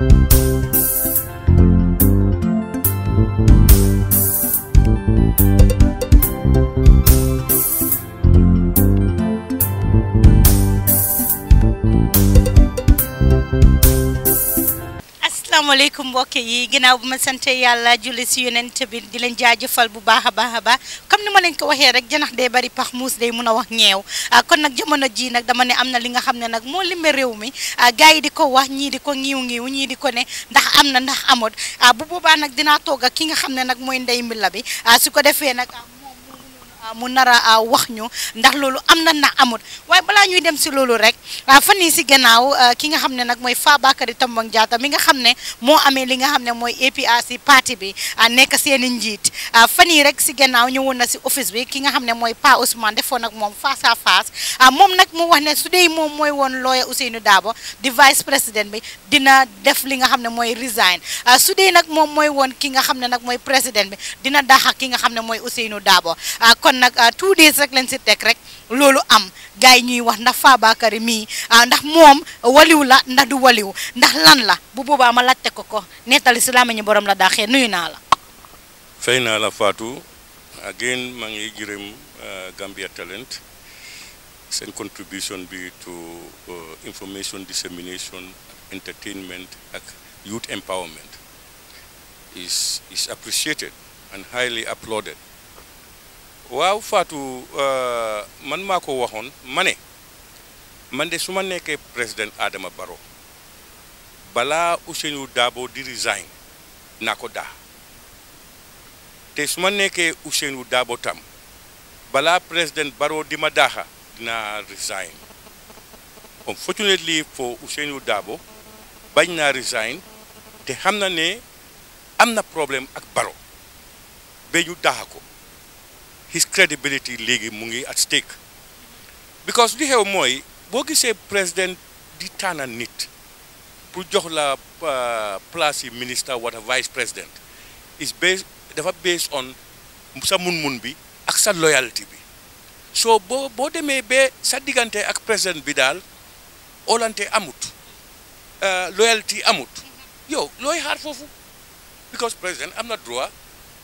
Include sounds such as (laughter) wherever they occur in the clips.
Música asalaamaaleykum mbokk yi ginnaaw bu ma sante yàlla julli si yonent bi di leen jaajëfal bu baax a baax a baax comme ni ma leen ko waxee rek janax day bari pax muus day mun a wax ñeew ah, kon nag jamono ji nag dama ne am na li nga xam ne nag moo limbe réew mi ah, gars yi di ko wax ñii di ko ñiiw ñiiw ñii di ko ne ndax am na ndax amut ah, bu boobaa nag dinaa toog ak ki nga xam ne nag mooy ndey mbilla bi su ko defee nag Ah, mu nar ah, wax ñu ndax loolu am na na amut waaye balaa ñuy dem si loolu rek ah, fan yii si gannaaw ki nga xam ne nag mooy Fabakary Tombong Jatta mi nga xam ne moo amee li nga xam ne mooy APRC parti bi nekk seen i fan yii rek si gannaaw ñëwoon na si office bi ki nga xam ne mooy Pa Ousmane defoon nag moom face à moom nag mu wax ne su dee moom mooy woon lawyer Ousainou di vice président bi dina def li nga xam ne mooy resign su dee nag moom mooy woon ki nga xam ne nag mooy président bi dina daxa ki nga xam ne mooy Ousainou daabo kon nag ah, two days rek leen ci tek rek lolu am gay ñuy wax ndax Fabakary mii ah, ndax mom waliw la ndax du waliw ndax lan la bu boba ma laajte ko ko netal islam ñu borom la daaxee nuyu na la. feyna la Fatou again ma ngi gërëm ah, Gambia Talent sen contribution bi to uh, information dissemination entertainment ak youth empowerment is is appreciated and highly applauded. waaw Fatou euh, man maa ko waxoon ma ne man de su ma nekkee président Adama baro balaa Ousseynou Dabo di resign naa ko daa te su ma nekkee Ousseynou Dabo tam balaa président Barrow di ma daaxa dinaa resign unfortunately for Ousseynou daabo bañ naa resign te xam na ne am na problème ak Barrow ba ñu daaxa ko his credibility legi mungi at stake because lihe omoi, bogi se président ditana nit pour jox la euh, place yi vice président is based dafa based on sa mun-mun bi ak sa loyalty bi so bo bo demee ba sa diggante ak président bidal, daal amut euh, loyalty amut yo looy xaar because président am not droit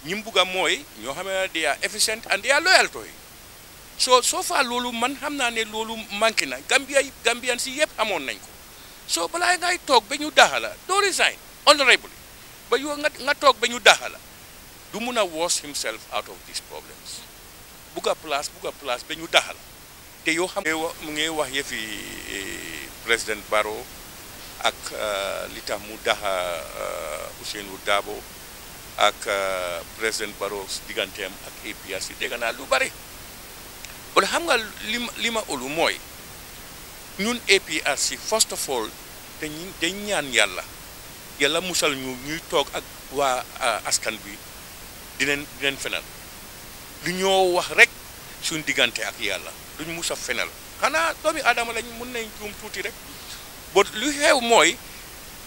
ñi mu bugg a mooy ñoo xam ne they are efficient and they are loyal to so soo faa loolu man xam naa ne loolu manqué na Gambia Gambian si yëpp amoon nañ ko soo balaa ngay toog ba ñu daaxa la doo resign honorably ba yoo nga nga toog ba ñu daaxa la du mun a wash himself out of these problems bugg place bugg place ba ñu daaxa la te yoo xam mu ngi wax yëfi eh, président Barrow ak eh, li tax mu daaxa eh, Ousainou daabo ak eh, president baro digantem ak APRC degana lu bari wala xam nga lima ulu moy ñun APRC first of all dañ dañ ñaan yalla yalla musal ñu ñuy tok ak wa eh, askan bi dineen dineen fenal lu ñoo wax rek suñ digante ak yalla duñ musa fenal xana doomi adam lañ mën nañ juum tuti rek ba lu xew moy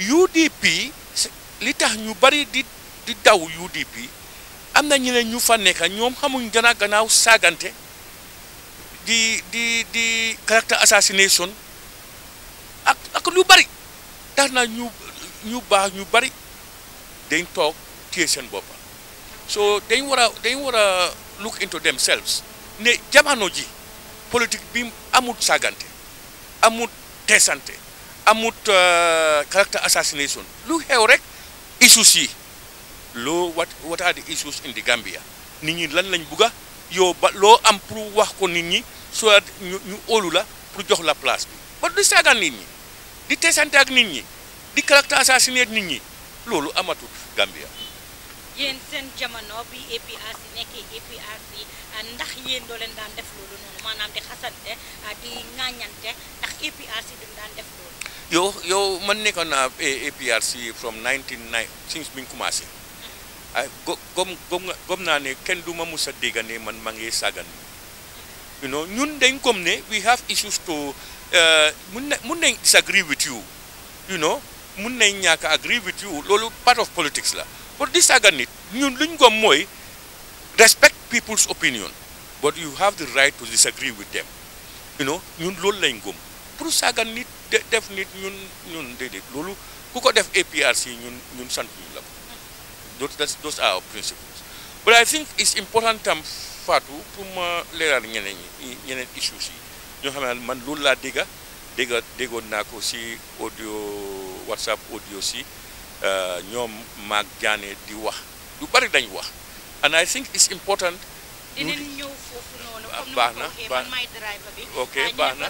UDP li tax ñu bari di di daw UDP am na ne ñu fa nekk ñoom xamuñ jana gannaaw saagante di di di character assassination ak ak lu bari tax na ñu ñu baax ñu bari dañ toog téye seen boppa soo dañ war a dañ war a look into themselves ne jamono ji politique bi amut saagante amut teesante amut euh, character assassination lu xew rek issues yi lo what what are the issues in the Gambia nit ñi lan lañ bëgga yo ba lo am pour wax ko nit ñi so ñu olu la pour jox la place bi ba di sagan nit ñi di tessante ak nit ñi di caractère assassiné nit ñi lolu amatu Gambia yeen sen jamono bi APRC nek APRC ndax yeen do len daan def lolu non manam di xassante di ngañante ndax APRC dum daan def lolu yo yo man nekon na APRC from 1990 since bin commencé gom gom gom na ne ken duma musa dega ne man mangé sagan you know ñun dañ comme ne we have issues to euh mun nañ disagree with you you know mun nañ ñaka agree with you lolu part of politics la but disagan sagan nit ñun luñ gom moy respect people's opinion but you have the right to disagree with them you know ñun lolu lañ gom pour sagan nit def nit ñun ñun dedet lolu ku def APRC ñun ñun sant ñu la ko Those, that's, those are our principles. But I think it's important tam um, Fatou pour ma leeral ñeneen ñi ñeneen issues yi ñoo xam ne man loolu laa dégga dégga déggoon naa ko si audio WhatsApp audio si euh, ñoom maag jaane di wax lu bari dañ wax and I think it's important. baax na baax na ok baax na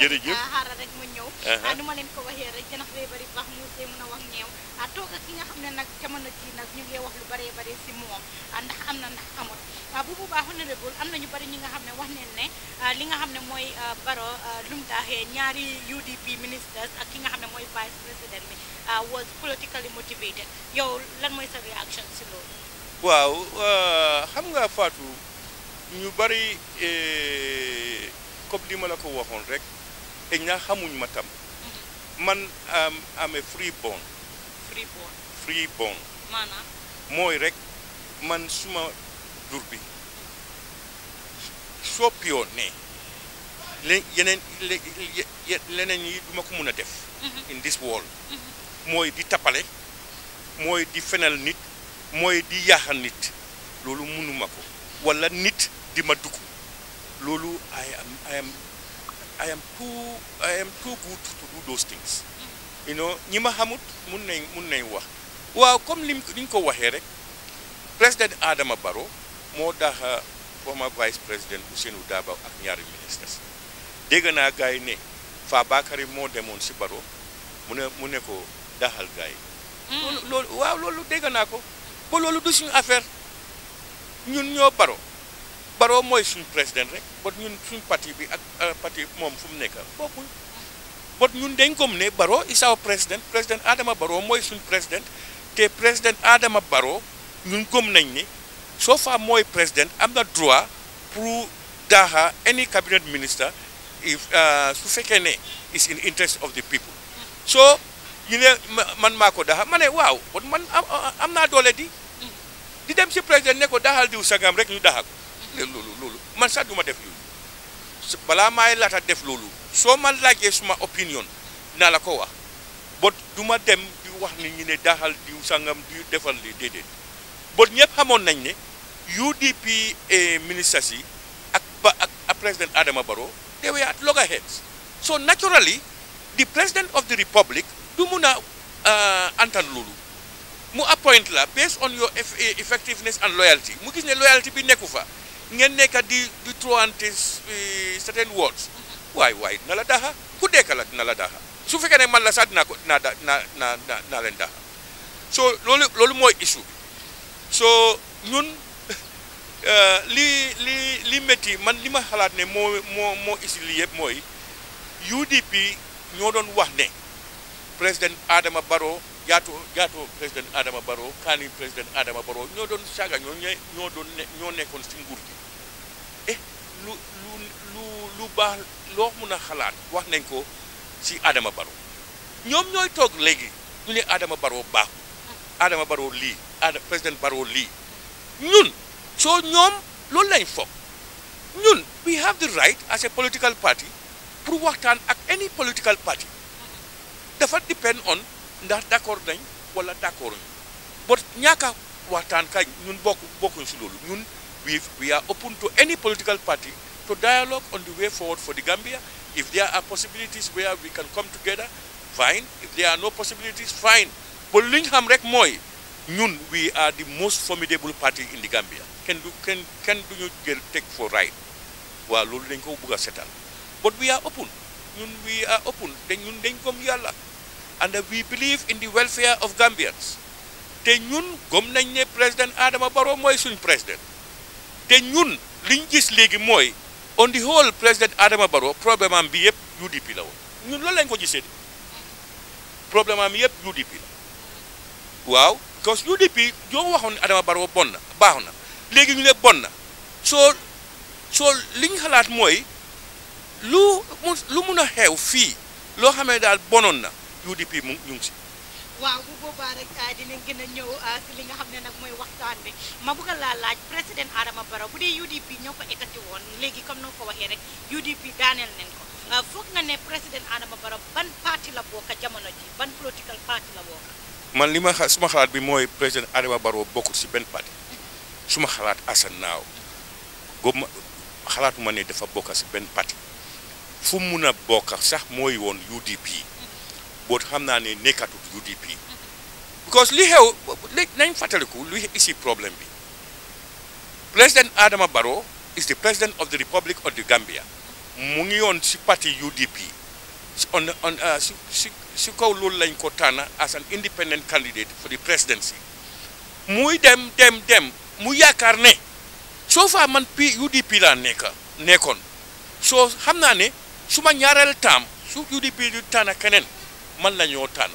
jërëjëf ah, xaaral rek ma ñëw uh-huh. ah, nu ma leen ko waxee rek janax bee bari baax mu see mën a wax ñeew a ah, toog ak ki nga xam ne nag jamono ji nag ñu ngi wax lu baree bare si moom ndax am na ndax amul bu bu baax honorable am na ñu bari ñi nga xam ne wax neen ne li nga xam ne mooy baro lu mu daaxee ñaari UDP ministers ak ki nga xam ne mooy vice président bi was politically motivated yow lan mooy sa réaction si loolu waaw euh, xam nga Fatou ñu bari euh, comme li ma la ko waxoon rek et ñaa xamuñ ma tam. Mhm. man am amee free born. free born mooy rek man suma dur bi soppiyoon ne le yeneen leneen yi duma ko mun a def. Mhm. in this world. Mhm. mooy di tappale mooy di fenal nit. mooy di yaaxal nit loolu mënuma ko wala nit di ma dugg loolu I am I am I am too good to those things you know ñi ma xamut mun nañ mun nañ wax waaw comme lim liñ ko waxee rek président Adama Barrow moo daaxa euh, former vice président u Darboe ak ñaari ministres dégg naa gars yi ne Fabakary moo demoon si Barrow mu ne mu ne ko daaxal gars hmm. waaw loolu dégg naa ko ba loolu du suñu affaire ñun ñoo baro baro mooy suñu président rek bot ñun suñu pati bi ak euh, pati moom fu mu nekk bokkul bot ñun dañ ko ne baro is our président président Adama Baro mooy suñu président te président Adama Baro ñun gëm nañ ni soo fa mooy président am na droit pour daaxa any cabinet minister if euh, su fekkee ne is in interest of the people so ñu ne man maa ko daaxa ma ne waaw man am naa doole di di dem si président ne ko dahal diw sangam rek ñu daxal lolu lolu man sa duma def lolu bala may lata def lolu so ma laajee suma opinion na la ko wax bot duma dem di wax ni ñi ne dahal diw sangam di defal li dede bot ñëpp xamoon nañ ne UDP e ministre si ak ba ak président Adama Barrow they were at loggerheads so naturally the president of the republic du mun a euh, antan lolu mu appoint la based on your eh, effectiveness and loyalty mu gis ne loyalty bi nekou fa ngeen nek di di troante eh, eh, certain words why why na la daha ku dekka la na la daha su fekkee ne man la sad na ko na na na so loolu loolu moy issue so ñun (laughs) li li li metti man lima xalat ne mo mo mo issue li yeb moy UDP ñoo doon wax ne president Adama Barrow jaatoo jaatoo président Adama Barrow kaani président Adama Barrow ñoo doon saaga ñoo ñe ñoo doon ne ñoo nekkoon si nguur gi eh lu lu lu baax loo mun a xalaat wax nañ ko si Adama Barrow ñoom ñooy toog léegi ñu ne Adama Barrow baaxul Adama Barrow lii Adama président Barrow lii ñun soo ñoom loolu lañ foog ñun we have the right as a political party pour waxtaan ak any political party dafa depend on ndax d'accord nañ wala d'accord ñu but ñàkk a waxtaan kañ ñun bokk bokkuñ si loolu ñun we we are open to any political party to dialogue on the way forward for the Gambia if there are possibilities where we can come together fine if there are no possibilities fine but li ñu xam rek mooy ñun we are the most formidable party in the Gambia kenn du kenn kenn duñu jël teg for right waaw loolu dañ ko bëgg a setal but we are open ñun we are open te ñun dañ gëm yàlla and we believe in the welfare of Gambians te ñun gëm nañ ne président Adama Barrow mooy suñ président te ñun liñ gis léegi mooy on the whole président Adama Barrow problème am bi yëpp UDP la woon ñun loolu lañ ko gisee de problème am yëpp UDP la waaw because UDP joo waxoon ne Adama Barrow bon na baax na léegi ñu ne bon na soo soo liñ xalaat mooy lu lu mun a xew fii loo xamee daal bonoon na UDP mu ñu ngi si waaw bu boobaa rek ah, dinañ gën a ñëw ah, li nga xam ne nag mooy waxtaan bi ma bëgg laa laaj président Adama Barrow bu dee UDP ñoo ko étati woon léegi comme noo ko waxee rek UDP daaneel nañ ko ah, foog nga ne président Adama Barrow ban parti la bokk jamono ji ban political parti la bokk. man li ma xa suma xalaat bi mooy président Adama Barrow bokkul si benn parti suma xalaat asan naaw góob xalaatuma ne dafa bokk ci benn parti fu mun a bokk sax mooy woon UDP. boot hamna ni ne UDP because li xew nañ fàttaliku li isi problème bi président Adama Barrow is the president of the Republic of the Gambia mu ngi si parti UDP on on uh, si si si kaw loolu lañ ko tànn as an independent candidate for the presidency muy dem dem dem mu ya ne so fa man pi UDP la neka nekon, so hamna naa ne su ma ñaareel su UDP du kenen. kenen man la ñoo tànn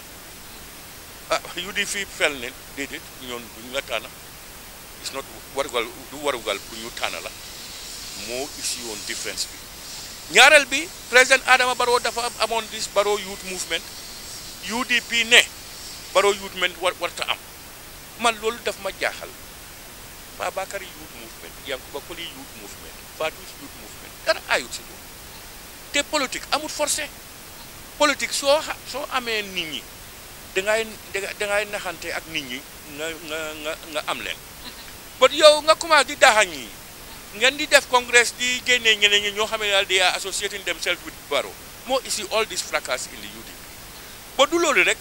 ah yu di fii fel ne déedéet ñoon duñ la tànn is not warugal du warugal bu ñu la moo isi yoon différence bi ñaareel bi président Adama Barrow dafa amoon dis Barrow Youth Movement UDP ne Barrow Youth Movement war warta am man loolu daf ma jaaxal Babakari Youth Movement Yankuba Koli Youth Movement Fatou Youth Movement dara ayut si loolu te politique amul forcé politique soo soo amee nit ñi da ngay naxante ak nit ñi nga nga nga nga am leen ba yow nga commencé di daax ñi ngeen di def congress di génnee ñeneen ñi ñoo xam ne daal di associating themselves with Barrow moo isi all this fracas in the UDP ba du loolu rek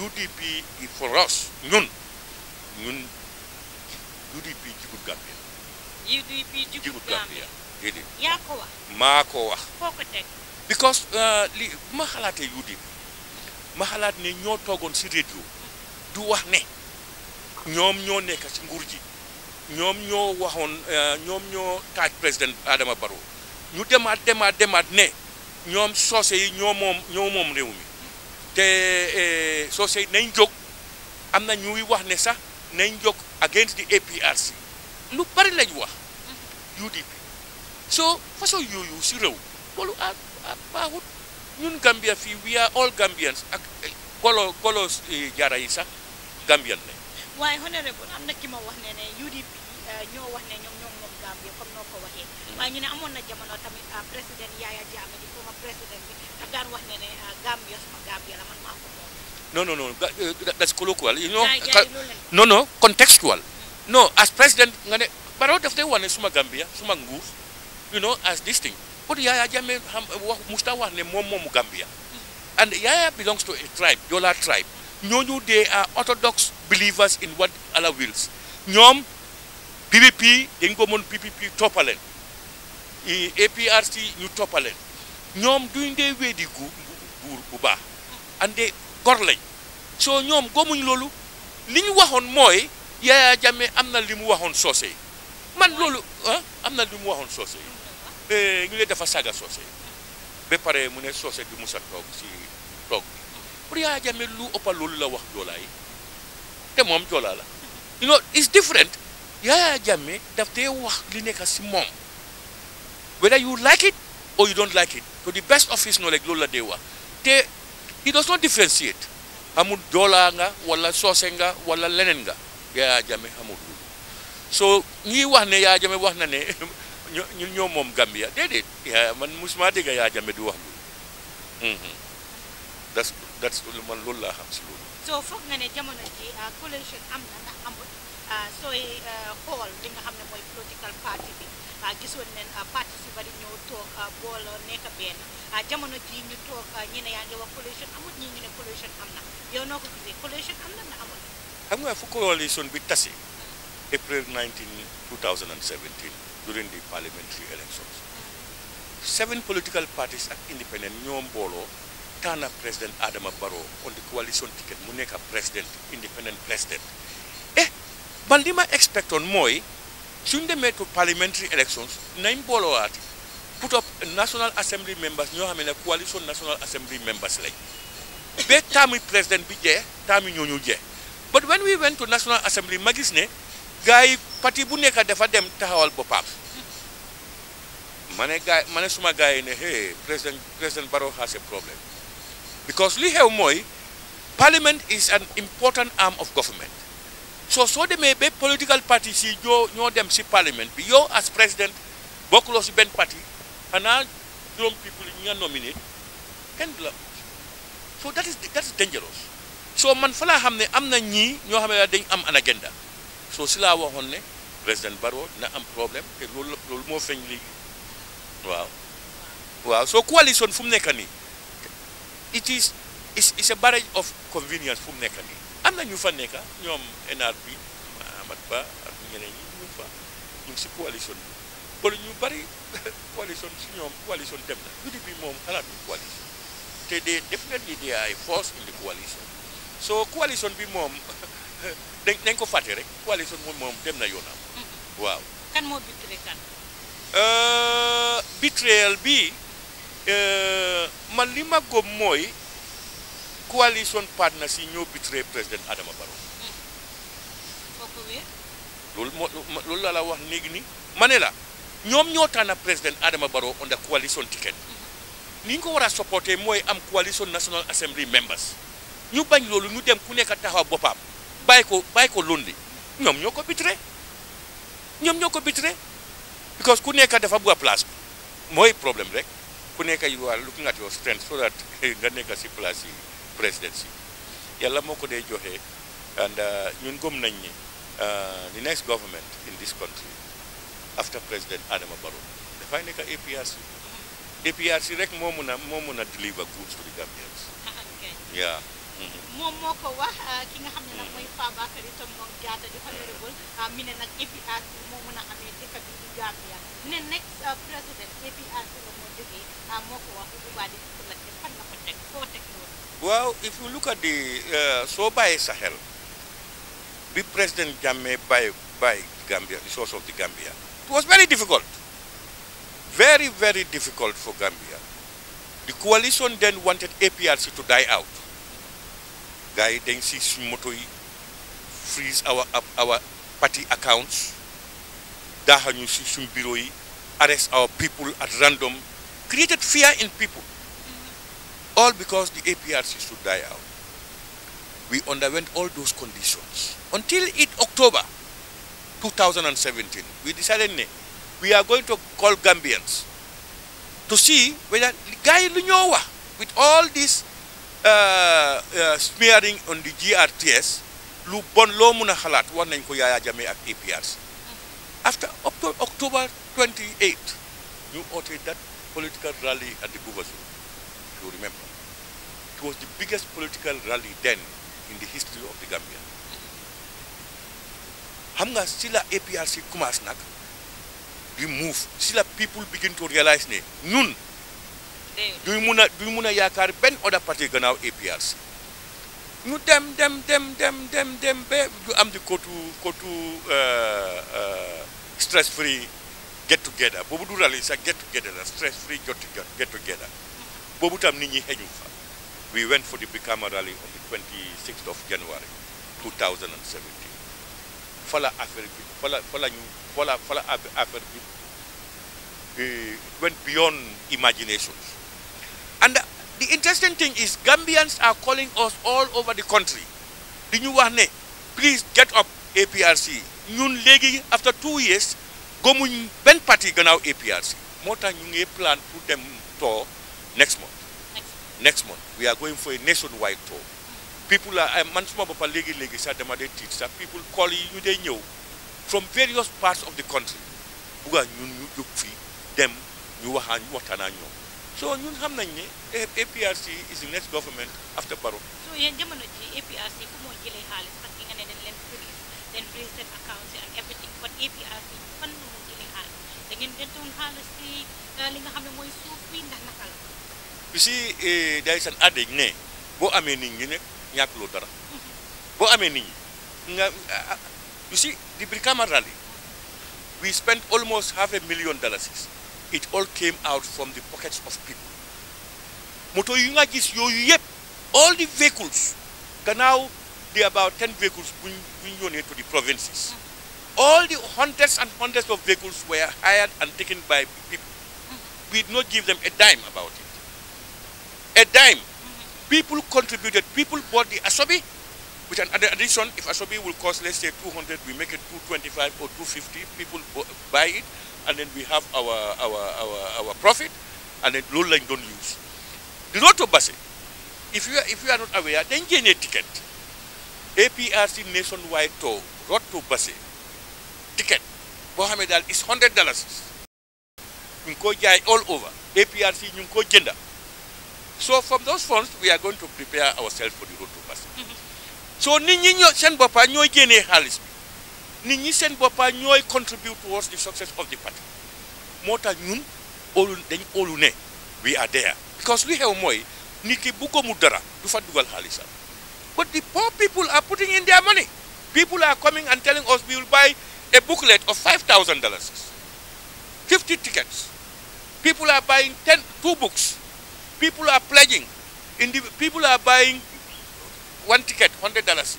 UDP is for us ñun ñun UDP jigut Gambia. ko wax. maa ko wax. because euh, li ma xalaatee yu di ma xalaat ne ñoo toogoon si radio du wax ne ñoom ñoo nekk si nguur ji ñoom ñoo waxoon euh, ñoom ñoo taaj président Adama Barrow ñu demaat demaat demaat ne ñoom soose yi ñoo moom ñoo réew mi te euh, soose yi nañ jog am na ñuy wax ne sax nañ jóg against the APRC lu bari lañ wax mm-hmm. UDP so façon yooyu si réew loolu ah baaxut ñun Gambia fii we are all Gambians ak golo eh, golo eh, jaara yi sax Gambian lañ. waaye honorable am na ki ma wax ne ne UDP eh, ñoo wax ne ñoom moom Gambia comme noo ko waxee waaye ñu ne amoon na jamono tamit ah, président Yaya Jammeh di former président bi daf daan wax ne ne ah, Gambia suma Gambia la contextual. Mm. non as president nga ne Barrow daf day wane suma Gambia suma nguur you know as this But Yaya Jammeh um, Musta wax ne moom moomu Gambia. And Yaya belongs to a tribe, Jola tribe. ñooñu they a orthodox believers in what Allah wills. ñoom PPP dañ ko mën PPP toppaleen APRC ñu toppaleen ñoom duñ dee weedi bu baax and gor lañ soo ñoom gomuñ loolu li ñu waxoon mooy Yaya Jammeh am na li mu waxoon soose man loolu ah am na li mu waxoon soose Eh, ñu ne dafa saaga soose ba pare mu ne soose bi musa toog si toog bi Yaya Jammeh lu ëppa loolu la wax joolaa te moom joolaa la you know it's different Yaya Jammeh daf dee wax li nekk si moom whether you like it or you don't like it to the best of his knowledge loolu la dee wax te he does not differentiate amul joolaa nga walla soose nga walla leneen nga Yaya Jammeh amul loolu so ñii wax ne Yaya Jammeh wax na ne (laughs) ñun ñoo moom Gambia déedéet yaa man musuma dégg yaa jame du wax loolu das das man loolu laa xam si loolu soo foog nga ne ah, ndax amul ah, sooy ah, xool li nga xam ne mooy political party bi gisoon nañ parti su bari ñoo toog booloo nekk benn jamono ji ñu toog ñu yaa ngi wax coalition amul ñii ñu ne coalition am na yow noo ko gisee coalition am na na amul xam nga fu coalition bi tase April during the parliamentary elections seven political parties at independent ñoo mbooloo tànn président Adama Barrow on the coalition ticket muneka président independent président eh man expect on moi, mooy suñ demee to parliamentary elections nine booloowaati put up national assembly members ñoo xam ne coalition national assembly members like. ba taami président bi jeex taami ñooñu but when we went to national assembly Magisne, ne gars yi parti bu nekk dafa dem taxawal boppam ma ne gars ma ne suma gars yi ne hey président président Barrow has a problem because li xew mooy parliament is an important arm of government so soo demee ba political party si ñoo ñoo dem si parliament bi yow as président bokkuloo si benn parti xanaa juróom people ñi nga nominate kenn du la so that is that is dangerous so man fa laa xam ne am na ñii ñoo xam ne dañ am an agenda soo si laa waxoon ne président Barrow dina am problème te loolu loolu moo feeñ léegi waaw waaw soo coalition fu mu nekk nii it is it's a barrage of convenience fu mu nekk nii am na ñu fa nekk ñoom NRP Amat Ba ak ñeneen ñi ñu fa ñu si coalition bi kon ñu bari (laughs) coalition si ñoom coalition dem na UDP moom xalaatu coalition te de def nga ni ay force in the coalition soo coalition bi moom (laughs) dañ ko faté rek coalition mom mom dem na yona waaw kan mo bitré kan euh, bitréel bi euh, man li ma gëm moy coalition partner si ñoo bitré président Adama Barrow mm. loolu wé lool la la wax ni manela ne la ñoom ñoo tan président Adama baro on coalition ticket mm-hmm. ni ko war am coalition national assembly members ñu bañ loolu ñu dem ku nekk taxaw bopam bàyyi ko bàyyi ko lundi ñoom ñoo because ku nekk dafa bëgg a place bi problème rek ku nekk yi looking at your strength so that (laughs) nga nekk si place yi presidency yalla moko ko dee joxe and uh, ñun gëm nañ ni uh, the next government in this country after president Adama Barrow dafay nekk APRC APRC rek moo mun deliver goods to the Gambians (laughs) yeah moom wax ki nga di honorable Gambia ne next président wax bu di ko fan nga ko if you look at the uh, soo Sahel, be président Jame by by Gambia the source of the Gambia it was very difficult very very difficult for Gambia the coalition then wanted APRC to die out gars yi dañ si freeze our our party accounts daaxañu si suñ bureau yi arrest our people at random created fear in people mm-hmm. all because the APRC should die out. We underwent all those conditions until it October 2017. We decided we are going to call Gambians to see whether Guy Lunyowa, with all these uh, uh, smearing on the GRTS lu bon loo mun a xalaat war nañ ko Yaya Jammeh ak APRC after October 28 ñu oote that political rally at the Goubassou you remember it was the biggest political rally then in the history of the Gambia xam nga si la APRC commence nag di move Sila people begin to realize ne ñun duñ mun a duñ mun a yaakaar benn oda parti gannaaw APRC ñu dem dem dem dem dem dem be du am di kotu kotu uh, eh, uh, eh, stress free get together boobu du rali sax get together la stress free get together, get together. boobu tam nit ñi xeñu fa we went for the Brikama rally on the 26th of January 2017 fala affaire bi fala fala ñu fala fala affaire bi eh, went beyond imaginations And di interesting thing is Gambians are calling us all over the country. Di ñu wax ne please get up APRC ñun léegi after two years gëmuñ benn parti gannaaw APRC moo tax ñu ngi plan pour dem tour next month. next month we are going for a nationwide tour. people are eh, man suma boppa léegi léegi sax dama dee tiit sax people call yi ñu dey ñëw from various parts of the country bugga ñun ñu jóg fii dem ñu waxaa ñu waxtaanaa ñoom so ñun xam nañ ni APRC is the next government after Barrow. so yéen jamono ji APRC fu moo jëlee xaalis parce que nga ne dañ leen freeze dañ freeze seen accounts and everything but APRC fan la moo jëlee xaalis da ngeen dentoon xaalis si eh, li nga xam ne mooy suuf bi ndax naka la. bi si day san adage ne boo amee nit ñi ne ñàkkuloo dara mm-hmm. boo amee nit ñi nga ah, ah, you see the Brikama rally we spent almost half a million dollars it all came out from the pockets of people. Motoyunga gis yoyu yep, all the vehicles, now there are about 10 vehicles being donated to the provinces. All the hundreds and hundreds of vehicles were hired and taken by people. We did not give them a dime about it. A dime. People contributed. People bought the Asobi with an addition. If Asobi will cost, let's say, 200, we make it 225 or 250. People buy it and then we have our, our, our, our profit, and then low line don't use. The road to Basel, if you, are, if you are not aware, then gain a ticket. APRC nationwide tour, road to Basel, ticket, Mohammed Al is $100. You all over. APRC, you gender. So from those funds, we are going to prepare ourselves for the road to Basel. Mm -hmm. So, ni ñi ñoo seen boppa ñoo halis nit ñi seen boppa contribute towards the success of the party moo tax ñun óolu dañ óolu ne we are there because we have mooy Niki ki bu gëmul dara du fa dugal xaalisam but the poor people are putting in their money people are coming and telling us we will buy a booklet of five thousand dollars fifty tickets people are buying ten two books people are pledging in the people are buying one ticket hundred dollars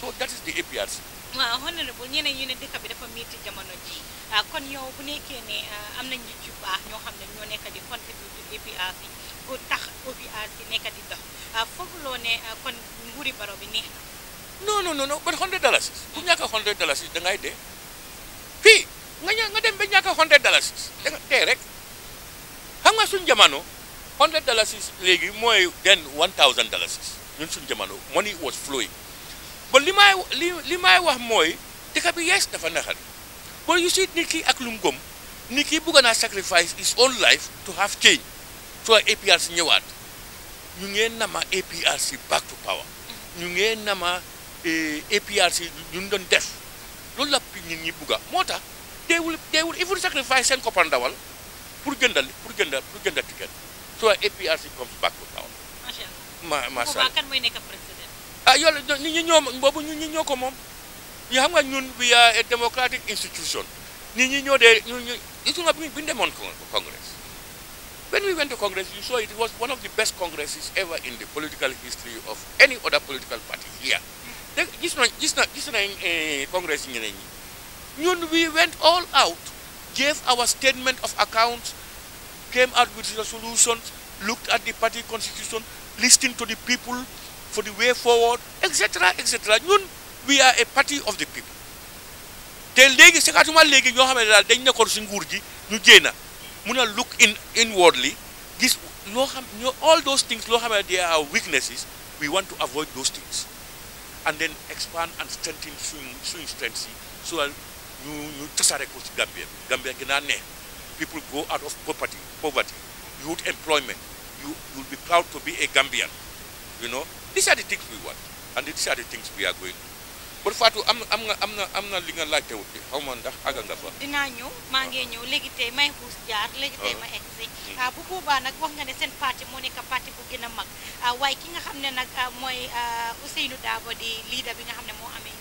so that is the APRC waaw honorable ñeneen ñu ne dëkk bi dafa métti jamono ji ah, kon yow bu nekkee ne ah, am na njiit yu baax ñoo xam ne ñoo nekk di contribuer OPR bi bu tax OPR bi nekk di dox ah, fooguloo ne kon nguuri baro bi neex na. non non non non ba hundred dalasis ku ñàkk a hundred dalasis da ngay dee fii nga ña nga dem ba ñàkk a hundred dalasis da nga dee rek xam nga suñ jamono hundred dalasis léegi mooy den one thousand dalasis ñun suñ jamono money was flowing. ba li maay li li maay wax mooy dëkk bi yees dafa naxal bon you see nit ki ak lum gom gëm nit ki bëgg naa sacrifice his own life to have change so APRC ñëwaat ñu ngeen nama APRC back to power ñu ngeen nama eh, APRC ñu doon def loolu la nit ñi bëgg moo tax they will they will even sacrifice seen koppandawal pour gëndal pour gëndal pour gëndal ticket so APRC comes back to power. macha allah ma we are a democratic institution congress when we went to congress you saw it was one of the best congresses ever in the political history of any other political party here This is nañ eh, congress we went all out gave our statement of accounts came out with resolutions looked at the party constitution listened to the people for the way forward etc etc ñun we are a party of the people te léegi sekatuma léegi ñoo xam ne daal dañ nekkoon si nguur ji ñu génn mun a look in inwardly gis loo xam ñoo all those things loo xam ne they are weaknesses we want to avoid those things and then expand and strengthen suñu suñu strength si so that ñu ñu tasaare ko si Gambia Gambia gën a neex people go out of poverty poverty youth employment you you'll be proud to be a Gambian you know these are the things we want and these are the things we are going kon Fatou am nga am na am na li nga laajtewut bi xaw ma ndax àgg nga fa. dinaa ñëw maa ngi ñëw léegi tey may xuus jaar léegi tey ma egg si ah. ah, bu boobaa nag wax nga ne seen parti moo nekk parti bu gën a mag ah, waaye ki nga xam ne nag mooy Ousseynou Dabo di leader bi nga xam ne moo amee.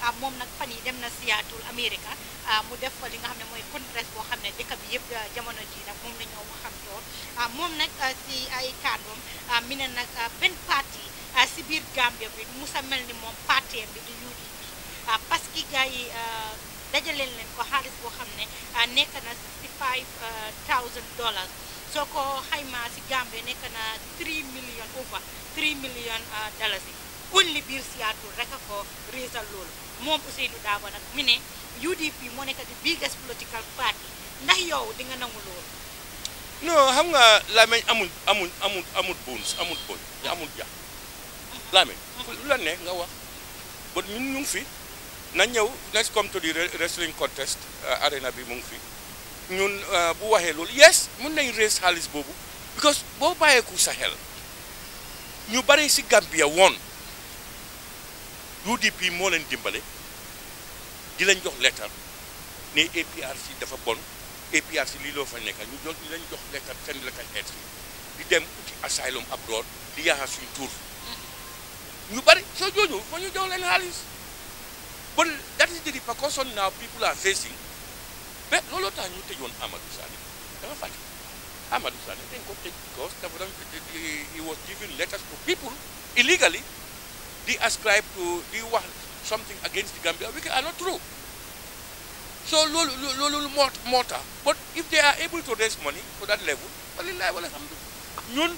Ah, moom nag fan yi dem na Seattle Amérique ah, mu def fa li nga xam ne mooy congress boo xam ne dëkk bi yëpp ah, jamono ji nag moom la ñoo waxantoon moom nag si ay kàddoom mi ne nag benn parti si biir Gambia bi musa mel ni moom parti bi di UDP parce que gars yi dajaleel leen ko xaalis boo xam ne nekk na 65 000 dollars soo nekk na 3 million over 3 million dollars yi only biir Seattle rek a ko réesal loolu mom Ousseynou Dabo nag mi UDP mo nek di biggest political party ndax yow di nga nangul loolu. non xam nga laameñ amul amul amul amul bonus amul boy ya, amul ja ya. mhm. laameñ mhm. lu la ne nga wax ba ñun ñu fi na ñew let's come to the wrestling contest uh, arena bi mu ngi fi ñun uh, bu waxe lool yes mun nañ race halis Bobu, because bo baye ku sahel ñu bari ci Gambia woon UDP moo leen dimbale di lañ jox lettre ne APRC dafa bon APRC lii loo fa nekkal ñu jox di lañ jox lettre seen la kañ di dem uti asylum abroad di yaakaar suñ tur ñu bari soo jooju fa ñu jox leen xaalis bon that is the repercussion now people are facing mais looloo tax ñu tëjoon Amadou Sane dafa fàtte Amadou Sane dañ ko tëj because dafa doon he was giving letters to people illegally they ascribe to they want something against the Gambia, which are not true. So lolu lolu moo tax but if they are able to raise money for that level, well, walhamdulillah. Ñun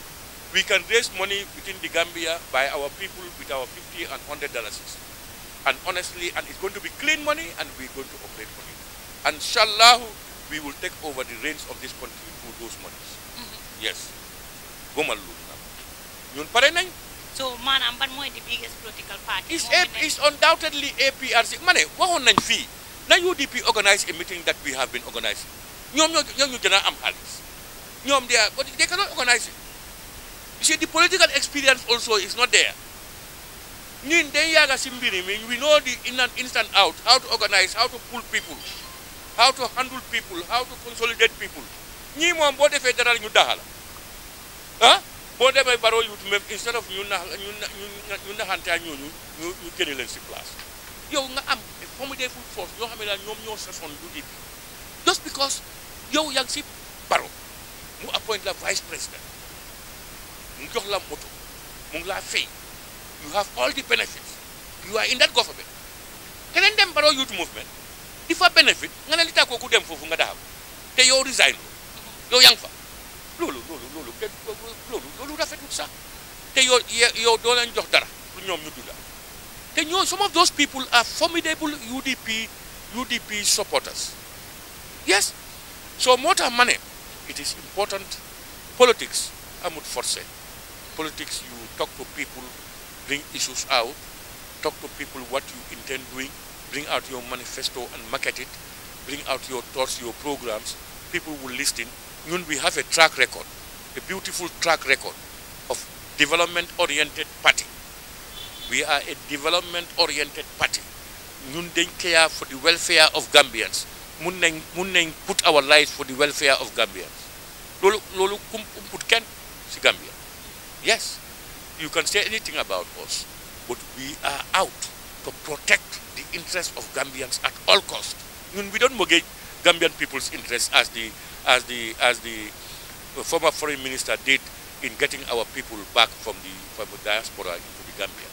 we can raise money within the Gambia by our people with our 50 and 100 dollars. And honestly, and it's going to be clean money and we're going to operate for it. And inshallah, we will take over the reins of this country through those monies. Mm -hmm. Yes. Gumalum. Yun pare nañ so maanaam ban mooy the biggest political party. is a APRC ma ne waxoon nañ fii na UDP organise a meeting that we have been organising ñoom ñoo ñoo ñu a am xaalis ñoom they are but they cannot organise it you see the political experience also is not there ñun dañ yàgga si mbiri mi we know the in and instant out how to organise how to pull people how to handle people how to consolidate people ñii moom boo defee dara ñu daxala boo demee baroo yuutu même instead of ñu nax ñu naxante ak ñooñu ñu ñu génne leen si place yow nga am formidable force ñoo xam ne daal ñoom ñoo sasoon lu di just because yow yaa ngi si baro mu appoint la vice président mu jox la moto mu ngi laa fay you have all the benefits you are in that government keneen dem baroo youth movement di fa benefit nga ne li tax kooku dem foofu nga daxam te yow lu yow yaa fa loolu loolu loolu kenn loolu loolu rafetul sax te yow yow doo leen jox dara pour ñoom ñu dunda te ñoo some of those people are formidable UDP UDP supporters yes so moo tax ma ne it is important politics amut forcé politics you talk to people bring issues out talk to people what you intend doing bring out your manifesto and market it bring out your thoughts your programs people will listen when we have a track record, a beautiful track record of development-oriented party. We are a development-oriented party. ñun dañ care for the welfare of Gambians mun nañ put our lives for the welfare of Gambians loolu kum si Gambia yes you can say anything about us but we are out to protect the interests of Gambians at all costs. we don't mortgage Gambian people's interests as the as the as the former foreign minister did in getting our people back from the diaspora into the Gambia.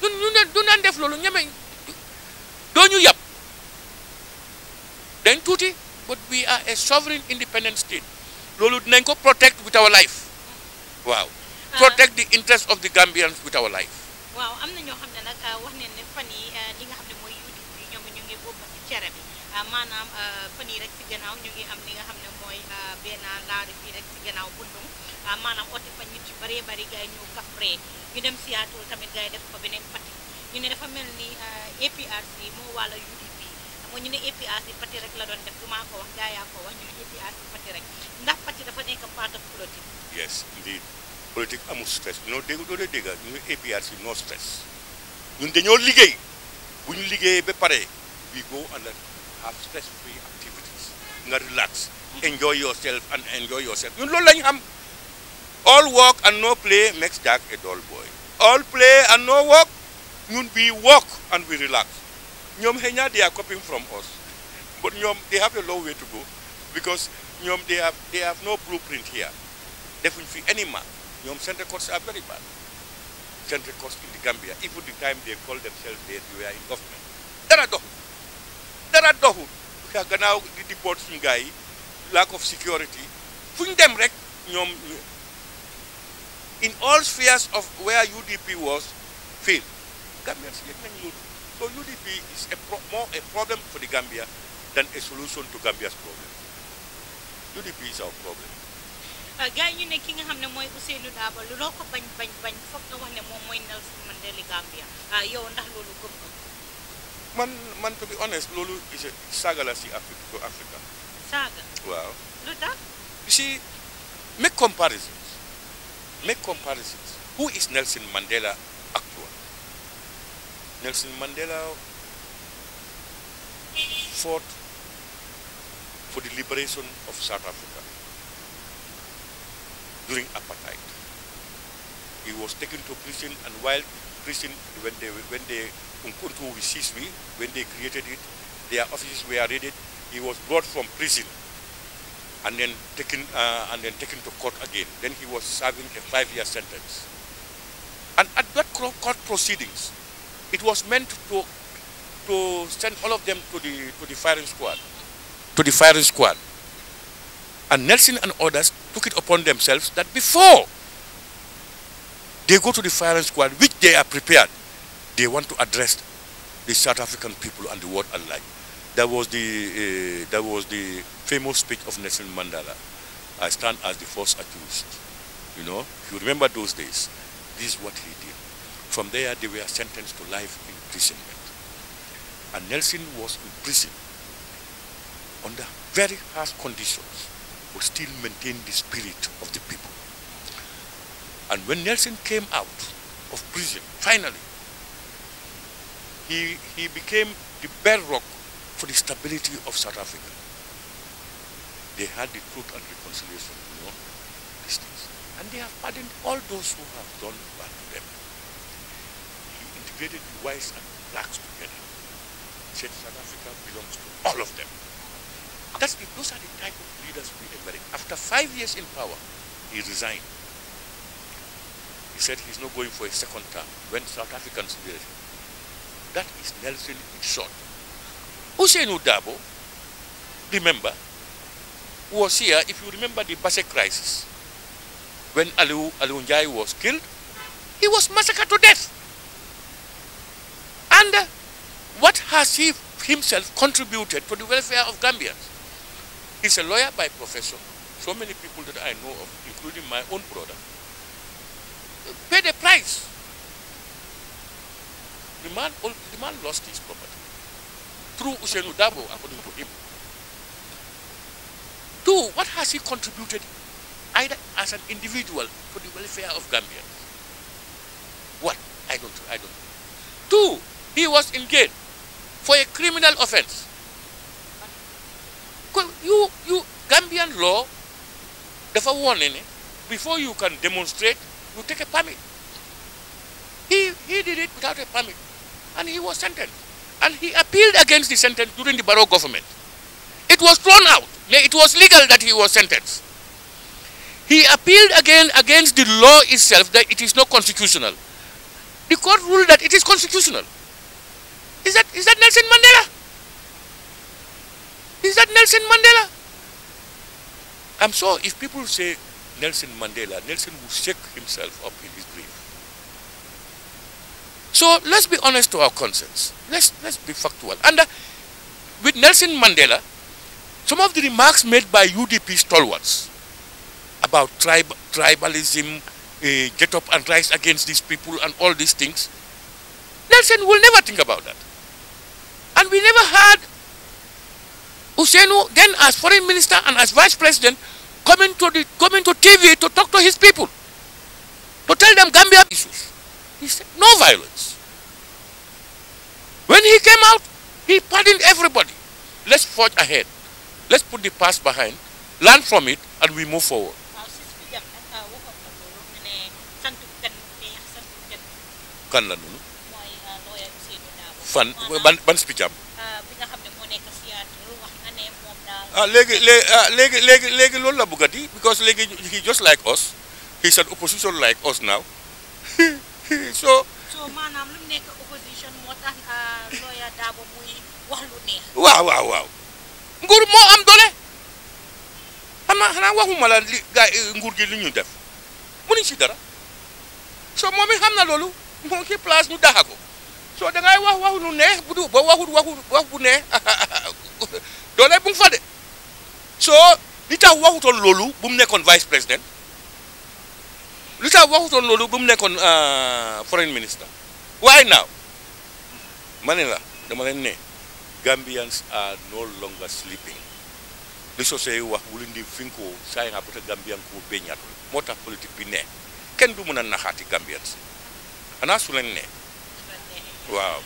du ñu ne du naan def loolu ñeme doo ñu yàpp dañ tuuti but we are a sovereign independent state loolu dinañ ko protect with our life waaw. Ah. protect the interest of the Gambians with our life. Euh, maanaam euh, fan yi rek si gannaaw ñu ngi am li nga xam ne mooy euh, benn laari fii rek si gannaaw bundum maanaam oote fa nit yu bëree ñu dem Seattle tamit gars yi def fa beneen pati ñu ne dafa mel ni APRC moo wàlla UDP moo ñu ñu ne stress ñu ne dañoo liggéey bu ñu liggéeyee ba pare we go and have stress-free activities nga relax enjoy yourself and enjoy yourself ñun loolu lañu am all work and no play makes Jack a dull boy all play and no work ñun we work and we relax ñoom xëy na they are copying from us but ñoom they have a long way to go because ñoom they have they have no blueprint here defuñ fi any map ñoom centre courts are very bad centre courts in the Gambia even the time they call themselves they were in government dara dox dara doxul sax gannaaw di di boot suñu yi lack of security fu ñu dem rek ñoom in all spheres of where UDP was failed Gambians yëg nañ loolu so UDP is a pro more a problem for the Gambia than a solution to Gambia's problem UDP is our problem. Ah, gaa yi ñu ne ki nga xam ne mooy Ousseynou Daba lu loo ko bañ bañ bañ foog nga wax ne moom mooy Nelson Mandela Gambia ah, yow ndax loolu gëm nga man man to be honest loolu saaga la si africa to Africa. Saga. Wow. lu you see, make comparisons make comparisons who is Nelson Mandela actual Nelson Mandela fought for the liberation of South Africa during apartheid. He was taken to prison and while in prison when they when they Nkurku receives me. When they created it, their offices were raided. He was brought from prison and then taken uh, and then taken to court again. Then he was serving a five-year sentence. And at that court proceedings, it was meant to to send all of them to the to the firing squad, to the firing squad. And Nelson and others took it upon themselves that before they go to the firing squad, which they are prepared, they want to address the South African people and the world alike. That was the, uh, that was the famous speech of Nelson Mandela. I stand as the first accused. You know, if you remember those days, this is what he did. From there, they were sentenced to life imprisonment. And Nelson was in prison under very harsh conditions, but still maintained the spirit of the people. And when Nelson came out of prison, finally, he, he became the bedrock for the stability of South Africa. They had the truth and reconciliation, you know, these things. And they have pardoned all those who have done bad to them. He integrated the whites and the blacks together. He said South Africa belongs to all of them. That's the, those are the type of leaders we inherit. After five years in power, he resigned. He said he's not going for a second term when South Africans did it that is Nelson Short. Hussein Udabo, remember, was here, if you remember the Base crisis, when Aliu Aliunjai was killed, he was massacred to death. And uh, what has he himself contributed to the welfare of Gambians? He's a lawyer by profession. So many people that I know of, including my own brother, paid a price the man, the man lost his property through Usenu Dabo, according to him. Two, what has he contributed either as an individual for the welfare of Gambia? What? I don't I don't know. Two, he was in jail for a criminal offense. You, you, Gambian law, there's a warning, before you can demonstrate, you take a permit. He, he did it without a permit and he was sentenced. And he appealed against the sentence during the Barrow government. It was thrown out. It was legal that he was sentenced. He appealed again against the law itself that it is not constitutional. The court ruled that it is constitutional. Is that, is that Nelson Mandela? Is that Nelson Mandela? I'm sure if people say Nelson Mandela, Nelson will shake himself up in his so let's be honest to our conscience. Let's, let's be factual. And uh, with Nelson Mandela, some of the remarks made by UDP stalwarts about tribe tribalism, uh, get up and rise against these people and all these things, Nelson will never think about that. And we never had Usenu then as foreign minister and as vice president coming to, the, coming to TV to talk to his people, to tell them Gambia issues. He said, no violence. When he came out, he pardoned everybody. Let's forge ahead. Let's put the past behind, learn from it, and we move forward. kan la noonu. mooy ban ban speech am. ah legi legi ah, legi legi léegi léegi loolu because legi he just like us he is an opposition like us now. (laughs) (laughs) so. so maanaam lu nekk opposition moo tax euh, lawyer Darboe muy wax lu neex. waaw waaw waaw nguur moo am doole xam naa xanaa waxuma nguur gi li ñu def mënuñ si dara so moom it xam na loolu moo ki place ñu daxa ko so da ngay wax waxu lu neex bu du waxu bu neex (laughs) doole bu fa de so li tax waxutoon loolu bu mu nekkoon vice président. lu tax waxutoon loolu ba mu nekkoon foreign minister why now? ma la dama len ne Gambians are no longer sleeping li sey wax wulu ndi Finko say nga pote Gambian ko beñat motax politique bi ne ken du meuna naxati Gambians ana su len ne ah, waaw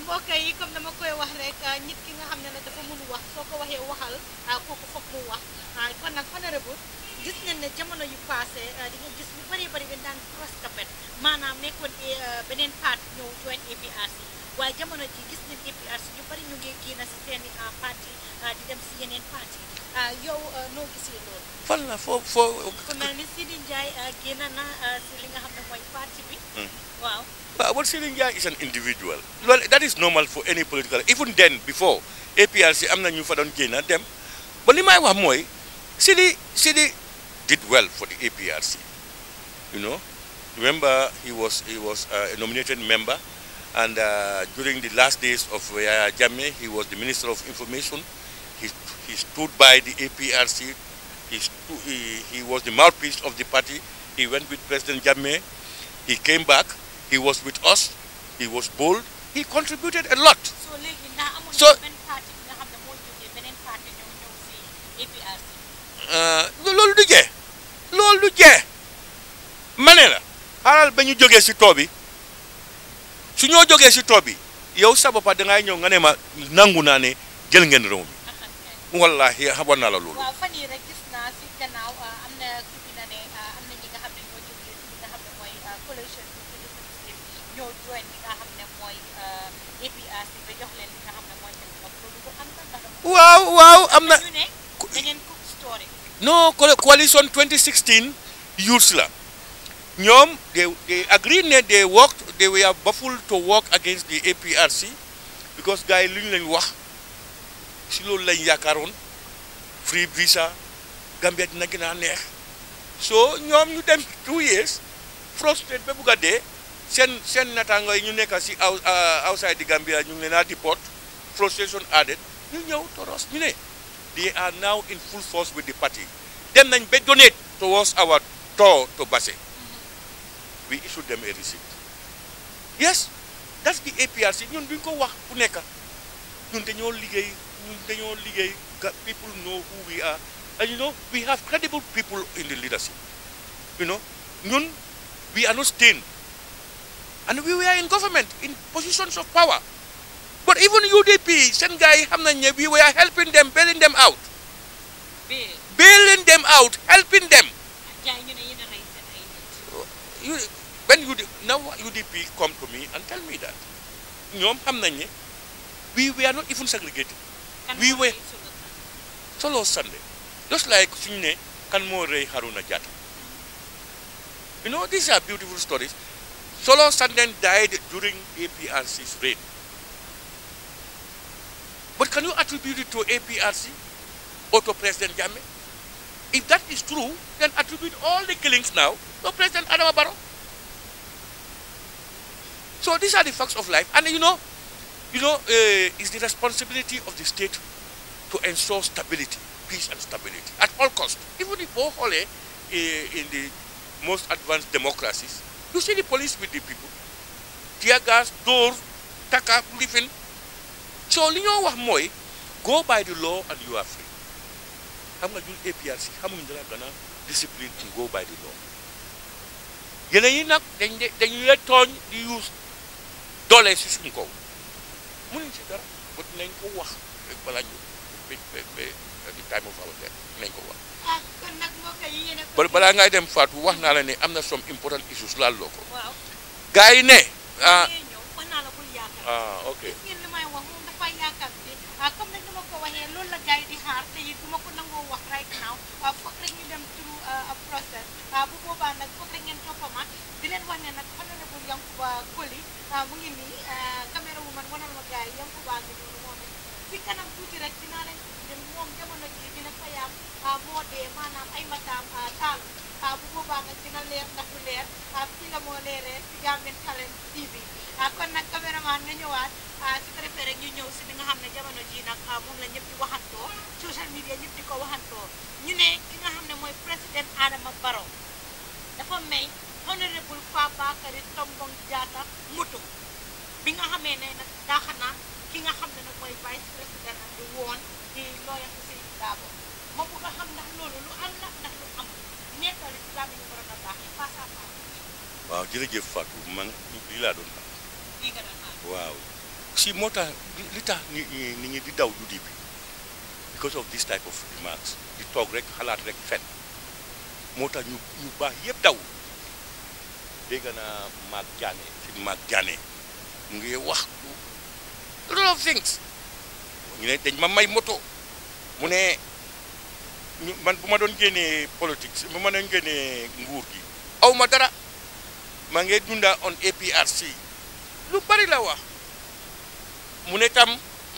mbokk yi comme dama koy wax rek nit ki nga xamne na dafa mënu wax soko waxe ya waxee waxal kooku foog mu wax ah, kon nag honorable gis ngeen na jamono yu passé euh, di gis lu bari bari bi daan cross carpet maanaam nekkoon euh, beneen part ñëw join APRC waaye jamono ji gis nañ APRC ñu bari ñu ngi génn si seeni euh, parti di dem si yeneen parti yow noo gisee loolu. fan la foo foo. ku mel ni Sidi Ndiaye génn na si li nga xam ne mooy parti bi. Hmm. waaw. waaw well, Sidi Ndiaye is an individual. that is normal for any political even then before APRC am na ñu fa doon génn dem ba li may wax mooy Sidi did well for the APRC. You know, remember he was he was uh, a nominated member, and uh, during the last days of Yaya Jammeh, he was the Minister of Information. He he stood by the APRC. He, he, he was the mouthpiece of the party. He went with President Jammeh. He came back. He was with us. He was bold. He contributed a lot. So, loolu jee ma ne la xaaral ba ñu jógee si too bi su ñoo jógee si too bi yow sa boppa da ñëw nga ne ma nangu naa ne jël ngeen réew mi (laughs) wallaahi la loolu. rek waaw waaw am na. no coalition 2016 Yusla. Nyom, they, they agreed that they worked they were baffled to work against the APRC because guy luñ lañ wax ci loolu lañ yakaron free visa Gambia dina gën neex so ñom ñu dem two years frustrated, be bu a sen sen nata nattaangoo ñu nekk ci uh, outside the Gambia ñu leena di deport frustration added ñu ñew toros ñu ne They are now in full force with the party. Then they donate towards our tour to Basse. Mm-hmm. We issued them a receipt. Yes, that's the APRC. People know who we are. And you know, we have credible people in the leadership. You know, we are not stained. And we were in government, in positions of power. But even UDP, some guy, we were helping them, bailing them out. Bailing them out, helping them. You, when you now UDP come to me and tell me that. We were not even segregated. We were solo Sunday. Just like Sunne Kanmore Haruna Jata. You know, these are beautiful stories. Solo Sunday died during APRC's reign. But can you attribute it to APRC or to President Jammeh? If that is true, then attribute all the killings now to President Adama Barrow. So these are the facts of life. And you know, you know, uh, it's the responsibility of the state to ensure stability, peace and stability at all costs. Even if Bohole uh, in the most advanced democracies, you see the police with the people. Tear gas, doors, taka, living, so li ñoo wax mooy go by the law and you are free nga ñun APRC xamuñu dara gën a discipline to go by the law yeneen yi nag dañ de tooñ di use doole si suñ kaw mënuñ si dara ba dinañ ko wax balaa ko wax. Ah, balaa ngay dem Fatou wax naa la ne am na some important issues laal loo ko. waaw ne. ah, ah ok. xaar te it ko nangoo wax right now foog rek ñu dem through uh, a process uh, bu boobaa nag foog rek ngeen toppama di leen wax ne nag honorable Yankuba Colley mu ngi nii caméra wu man wanal ma gars yi Yankuba ngi noonu moom it kanam tuuti rek dinaa leen tuddee moom jamono ji dina fayaam moo dee maanaam ay mataam uh, taalu bu boobaa nag dina leer ndax du leer fii la moo leeree ci Gambian Talents TV Ah, kon nag caméraman na ñëwaat ah, su ko ñëw si li nga xam ne jamono ji nag ah, moom la ñëpp waxantoo social media ñëpp di ko waxantoo ñu ne ki nga xam ne mooy président Adama Barrow dafa may honorable Fabakary Tombong Jatta moto ki nga xam ne nag mooy vice président ak woon di looya ko si daabo ma bëgg a xam ndax loolu lu am ndax lu am nekkal islam yi ñu waroon a baax face à face waaw jërëjëf Fatou man lii laa doon Wow, si mota tax li tax nit di daw judi bi because of this type of remarks di toog rek halat rek fen mota tax ñu ñu baax yëpp daw dégg naa maag jaane fi ngi wax lot of things ñu ne dañ ma may moto mu ne man bu ma doon politics politique bu ma nguur gi aw dara maa dunda on APRC lu bari la wax mu ne tam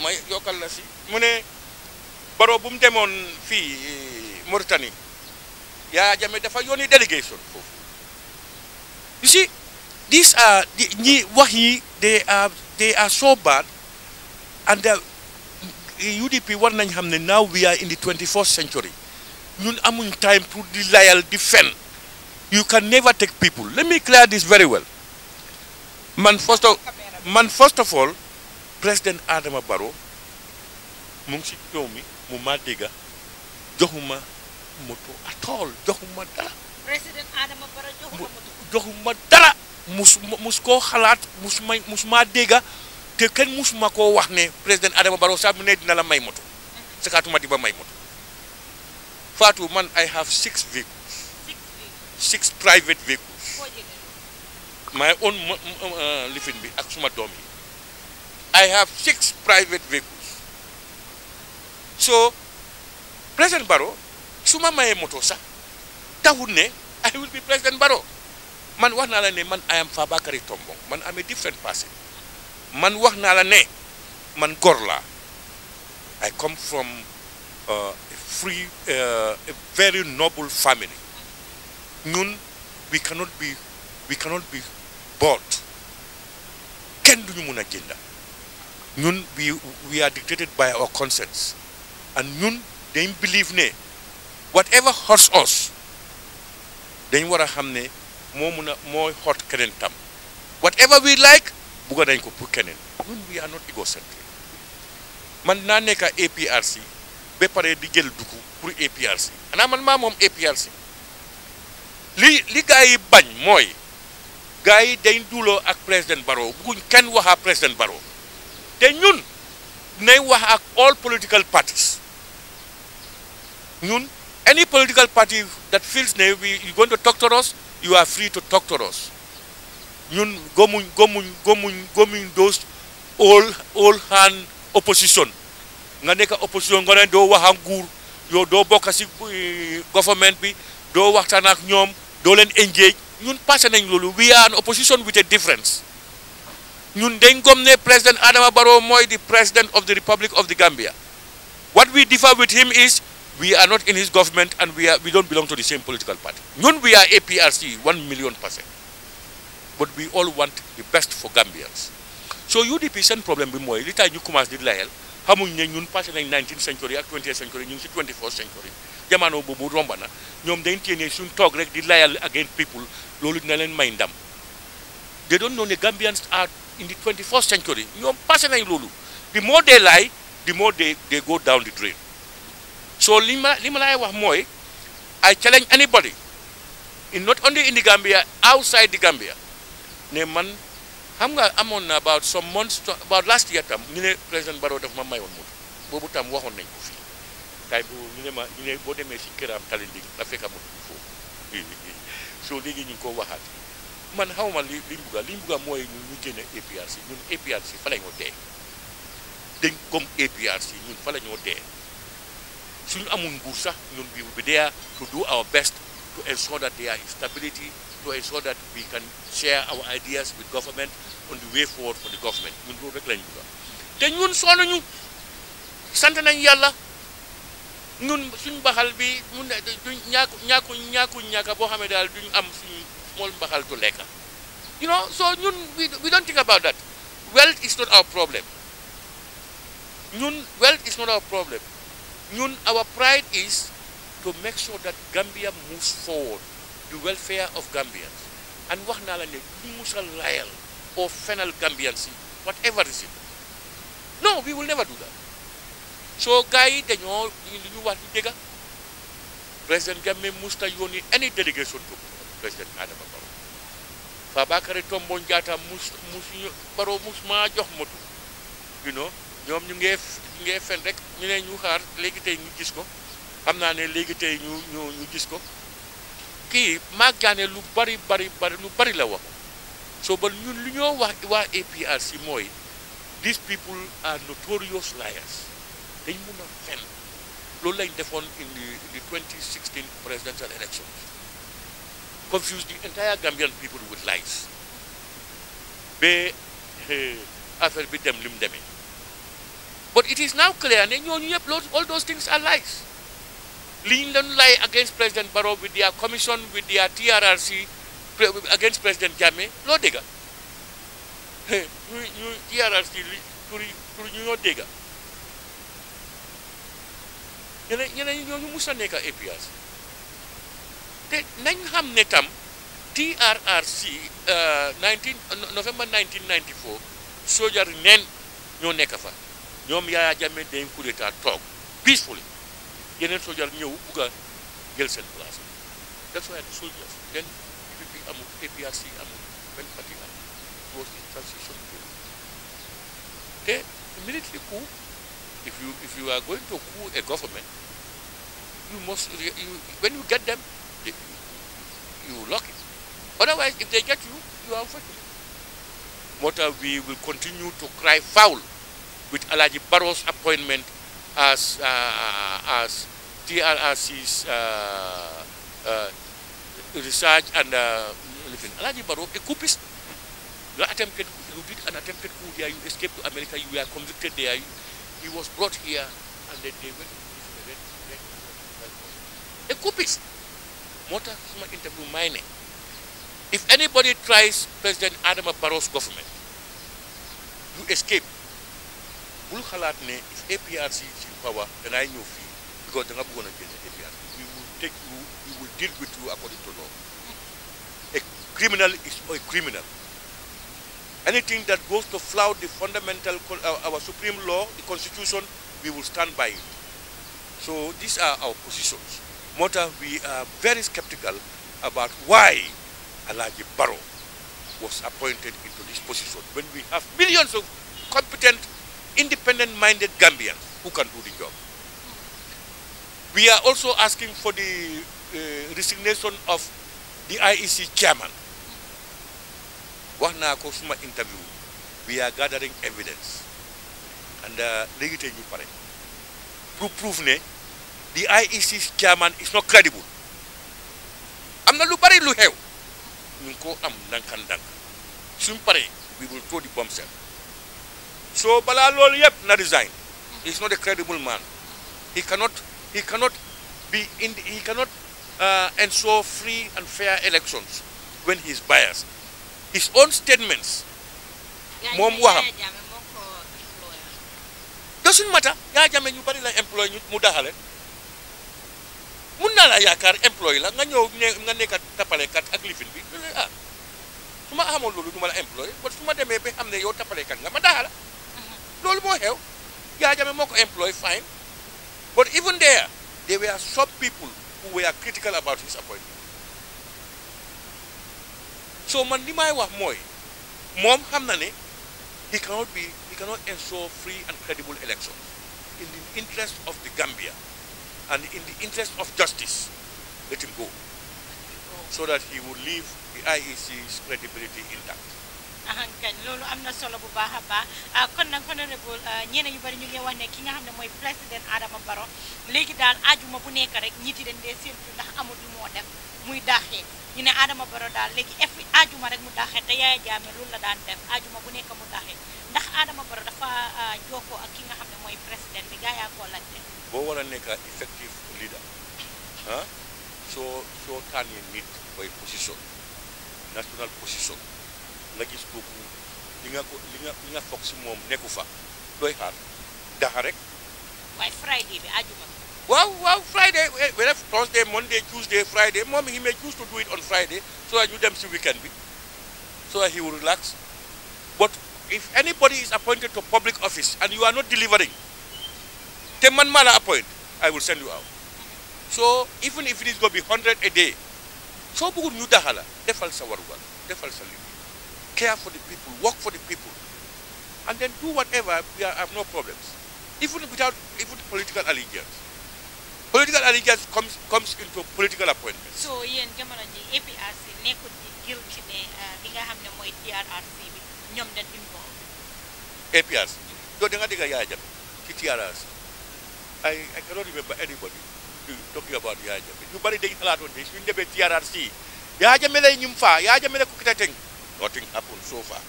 ma yokkal la si mu ne baro bu mu demoon fii eh, Mauritanie yaa jame dafa yónni délégation foofu you see these are ñi wax yi they are they are so bad and UDP uh, war nañ xam ne now we are in the 21st century ñun amuñ time pour di layal di fen you can never take people let me clear this very well man first of man first of all président Adama Barrow mu ngi si réew mi mu maa dégga joxuma moto at all joxuma dara. président Adama Barrow mus koo xalaat mu may mus maa dégga te kenn musuma koo wax ne président Adama baro saa mu ne dina la may moto. Mm-hmm. sakaatuma di ba may moto. Fatou man I have six vehicles. six private vehicles. my own uh, living bi ak suma I have six private vehicles so President baro, suma ma mayee moto sax ne I will be President baro. man wax naa la ne man I am Fabakary Tombong man am a different person man wax naa la ne man góor I come from uh, a free uh, a very noble family ñun we cannot be we cannot be board kenn duñu mën a jënd ñun we we are dictated by our conscience and ñun dañ believe ne whatever hurts us dañ war a xam ne moo mën a mooy hurt keneen tam whatever we like bugga dañ ko pour keneen ñun man naa nekk APRC ba pare di jël dugg pour APRC xanaa man maa moom APRC li li gars yi bañ mooy gars yi dañ duuloo ak président baro bugguñ kenn wax président baro te ñun nay wax ak all political parties ñun any political party that feels nay we you going to talk to us you are free to talk to us ñun gomuñ gomuñ gomuñ gomuñ those all all hand opposition nga nekk opposition nga do doo wax ak nguur yow doo bokk si eh, government bi do waxtaan ak ñoom doo leen engage ñun passé nañ loolu we are an opposition with a difference ñun dañ gom ne président Adama Barrow mooy the president of the Republic of the Gambia what we differ with him is we are not in his government and we are we don't belong to the same political party ñun we are APRC one million percent but we all want the best for Gambians so UDP seen problème bi mooy li tax ñu commencé di layal xamuñ ne ñun passé nañ 19th century ak 20th century ñu ngi si 24th century jamono boobu romba na ñoom dañ téye suñ toog rek di layal against people loolu dina leen may ndam they don't know the Gambians are in the 21st century ñoom passé nañ loolu the moo they lie di moo they they go down the drain so li ma li ma laay wax mooy I challenge anybody in not only in the Gambia outside the Gambia ne man xam nga amoon na about some months about last year tam ñu ne président Barrow daf ma mayoon moto boobu tam waxoon nañ ko fi kay bu ñu ne ma ñu ne boo demee si këram tali bi la soo léegi ñu ngi ko waxaat man xaw ma li liñ bugga liñ bugga mooy ñun ñu génne APRC ñun APRC fa la ñoo dee dañ comme APRC ñun fa la ñoo dee suñu amul nguur sax ñun bi bi dee to do our best to ensure that there is stability to ensure that we can share our ideas with government on the way forward for the government ñun loolu rek lañ bugga te ñun sonn ñu sant nañ yàlla. nun suñ mbaxal bi mun na ñaaku ñaaku ñaaku ñaaka boo xam daal duñ am suñ mool mbaxal du lekka you know so ñun we don't think about that wealth is not our problem ñun wealth is not our problem ñun our pride is to make sure that Gambia moves forward the welfare of Gambians and wax naa la ne du musa layal or fenal Gambians yi whatever is it no we will never do that so kai yi dañoo li ñu wax du président gamé musta yoni any delegation to président Adama fa bakari tombo Jatta mus mus paro mus ma jox motu you know ñom ñu ngé ñu ngee fen rek ñu né ñu xaar légui tay ñu gis ko xamna né légui tay ñu ñu ñu gis ko ki ma gané lu bari bari bari lu bari la wax so ba ñun lu ñoo wax waa APRC Moy these people are notorious liars dañ mun a fen loolu lañ defoon in the the 2016 presidential elections confuse the entire Gambian people with lies ba affaire bi dem li demee but it is now clear ne ñooñu yëpp loolu all those things are lies li ñu doon lie against President Barrow with their commission with their TRRC against President Jammeh loo dégga ñu ñu TRRC li pour pour ñu ñoo dégga ñeneen ñeneen ñooñu mus a nekk APRC te nañ xam ne tam TRRC 19 euh, novembre 1994 sojar neen ñoo nekk fa ñoom Yaya Jammeh dañ coup toog peacefully yeneen sojar ñëw bugg a jël seen place that's why the soldiers then UPP amul APRC amul te military coup If you, if you are going to coup a government, you must, you, when you get them, you lock it. Otherwise, if they get you, you are unfortunate. Mota, we will continue to cry foul with Alaji Barrow's appointment as, uh, as TRRC's uh, uh, research and uh, living. Alaji Barrow, a coupist, you attempted, you did an attempted coup there, you escaped to America, you were convicted there, he was brought here and then they went into the red, red, red, red. A Kupis, Mota Suma interview mining. If anybody tries President Adama Barrow's government, you escape. Bul halat ne if APRC is in power, then I know fee because they're not going to get the APRC. We will take you, we will deal with you according to law. A criminal is a criminal anything that goes to flout the fundamental, uh, our supreme law, the constitution, we will stand by it. So these are our positions. Mota, we are very skeptical about why Alaji Barrow was appointed into this position when we have millions of competent, independent-minded Gambians who can do the job. We are also asking for the uh, resignation of the IEC chairman wax naa ko suma interview we are gathering evidence and the uh, tey ñu pare pour prove ne the IEC chairman is not credible am not lu bari lu xew ñu ko am ndànka ndànk suñ paree we will throw the bombshell so balaa loolu yëpp na resign he is not a credible man he cannot he cannot be in he cannot uh, ensure free and fair elections when he is biased his own statements moom doesn't matter yaa jame ñu bari la employé ñu mu daxale eh? mun naa laa yaakaar la nga ñëw ne tapalekat ak lifin bi loolu ah su ma xamoon ah, loolu du ma la employé ba su ma demee ba xam ne yow nga ma daxala mhm. loolu moo xew yaa jame moo ko fine but even there there were some people who were critical about his appointment so man li may wax mooy moom xam na ne he cannot be he cannot ensure free and credible elections in the interest of the Gambia and in the interest of justice let him go so that he will leave the IEC's credibility intact. ahankañ loolu am na solo bu baax a baax ah, kon nag honorable ah, ñeneen ñu bari ñu ngi wax ne ki nga xam ne mooy président Adama Barrow léegi daal ajuma bu nekk rek ñiiti dañ dee séentu ndax amul moo def muy daaxee ñu ne Adama baro daal léegi ef ajuma rek mu daaxee te Yaya Jammeh loolu la daan def ajuma bu nekk mu daaxee ndax Adama Barrow dafa ah, jokkoo ak ki nga xam ne mooy président bi gaa yaa koo laajte boo war a nekk effective leader ah soo soo tànnee nit koy position national position nga gis kooku li nga ko li nga li nga si moom nekku fa looy xaar daxa rek. waaye Friday bi àjjuma. waaw waaw Friday eh, Thursday Monday Tuesday Friday moom he may choose to do it on Friday so that ñu dem si weekend bi so that he will relax but if anybody is appointed to public office and you are not delivering te man maa la appoint I will send you out so even if it is going to be hundred a day soo bëggul ñu daxa la defal sa warugal defal sa liggéey care for the people, work for the people, and then do whatever, are, have no problems. Even without even political allegiance. Political allegiance comes, comes into political appointments. So, yéen jamono ji APRC nekkul ci guilt uh, ne li nga xam ne TRRC nyom ñoom dañ involved. APRC yow da nga dégg Yaya Jammeh TRRC I, I cannot remember anybody talking about Yaya Jammeh ñu bari dañu xalaatoon ne suñu demee TRRC Yaya Jammeh lay ñum faa Yaya Jammeh la ko kita Nothing happened so far.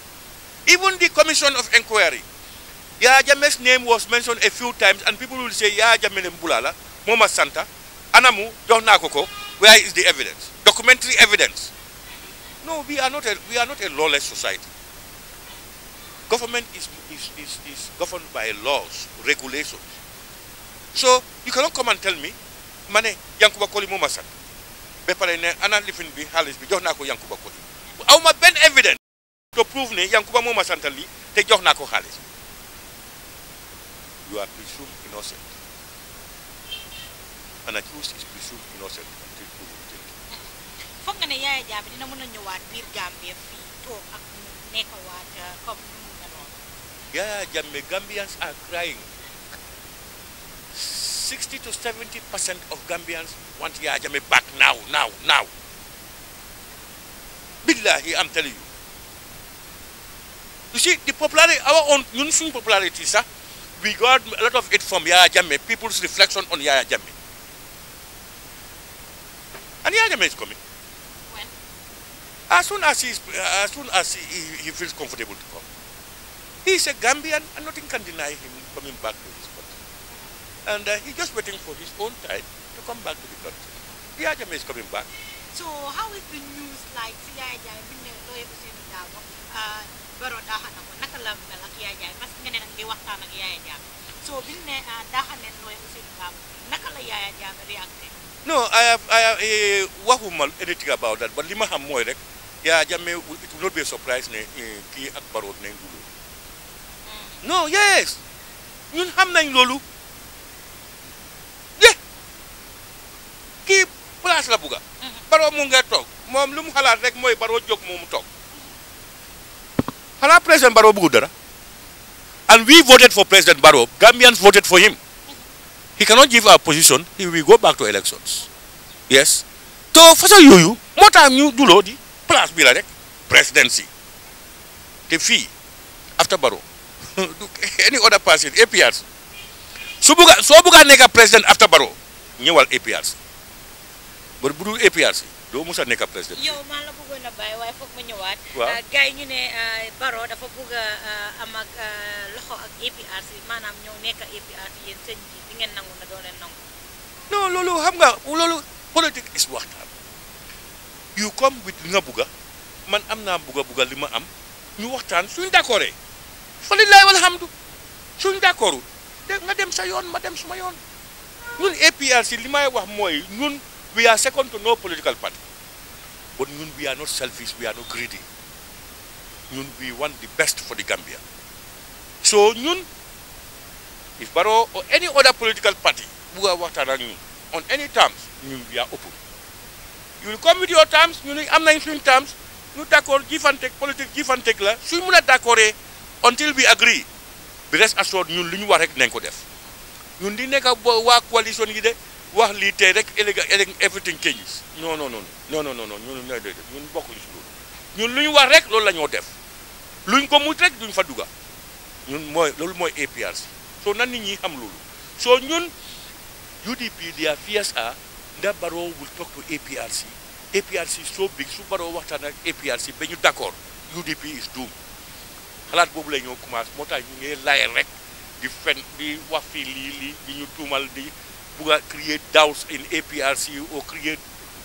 Even the commission of inquiry, Yajame's name was mentioned a few times, and people will say, Yajame Mbulala, Moma Santa, Anamu, John Nakoko, where is the evidence? Documentary evidence. No, we are not a, we are not a lawless society. Government is, is, is, is governed by laws, regulations. So you cannot come and tell me, Mane, Yankuba Koli Moma Santa. Bepalene, Anna Living be Halis Bi, John Nako Yankuba Koli. aw ma benn évidence to prouve ne Yankuba moo ma santal lii te jox naa ko xaalis you are presumed innocent an accused is presumed innocent until proven guilty uh, Gambians are crying 60 to 70 percent of Gambians want Yaya Jammeh back now now now billahi I'm telling you you see the popularity our own ñun popularity sir. we got a lot of it from Yaya people's reflection on Yaya Jammeh and Yaya is coming when as soon as he uh, as soon as he, he feels comfortable to come he's a Gambian and nothing can deny him coming back to his country and uh, he's just waiting for his own time to come back to the country Yaya is coming back so how is the news like? Siya jai bin ne loye busi ni dawo. Baro ah, dahan ako nakalam na lang iya jai. Mas ngene nang liwakta nang iya yaya. So bin ne ah, dahan ne loye busi ni dawo. Nakala iya jai react. Eh. No, I have, I have, uh, eh, wahumal anything about that, but lima ham moy rek. Eh. Ya jamme it will not be a surprise ne ki ak baro ne ngulu. Mm. No, yes. yun ham na lolu. Yeah. Keep place la buga baro mu nga tok mom lu mu xalat rek moy baro jog mom tok xala president baro bugu dara and we voted for president baro gambians voted for him he cannot give our position he will go back to elections yes to façon yooyu moo tax ñu duloo di place bi la rek presidency te fi after baro (laughs) any other person APRs So buga so buga president after baro ñewal APRs berburu APRC do musa a nekk président. yow maa la bëggoon a bàyyi waaye foog ma ñewat waaw ñu ne baro dafa bugo a am ak loxo ak APRC manam ñoo nekk APRC yéen sëñ bi di ngeen nangu na do leen nangu. no lolu xam nga lolu politique is waxtaan. yu comme bi nga buga man am buga buga a li ma am ñu waxtaan suñ d'accordé ee walhamdu suñ d'accordu nga dem sa yoon ma dem suma yoon ñun APRC limay wax moy ñun. We are second to no political party. But we are not selfish, we are not greedy. We want the best for the Gambia. So if Barrow or any other political party who are what are on any terms, we are open. You will come with your terms, you know, I'm not in terms, you d'accord, give and take, politics give and la, suñ mun a d'accord eh, until we agree, bi rest assured ñun lu ñu war rek ko def. ñun di nekk waa coalition yi de wax li tay rek élégant everything changes non non non non non non no, ñu no, ñun no. si loolu ñun lu ñu wax rek lool lañu def luñ ko mut rek duñ fa dugga ñun moy lool moy APRC So nan nit ñi xam lool so ñun UDP dia FSA da baro ndax tok talk to APRC APRC so big su Barrow waxtaan ak APRC ba ñu UDP is doom. xalaat bobu lay ñoo commence motax ñu ngi lay rek di fen di wax fii li di ñu tumal di. create doubts in APRC or create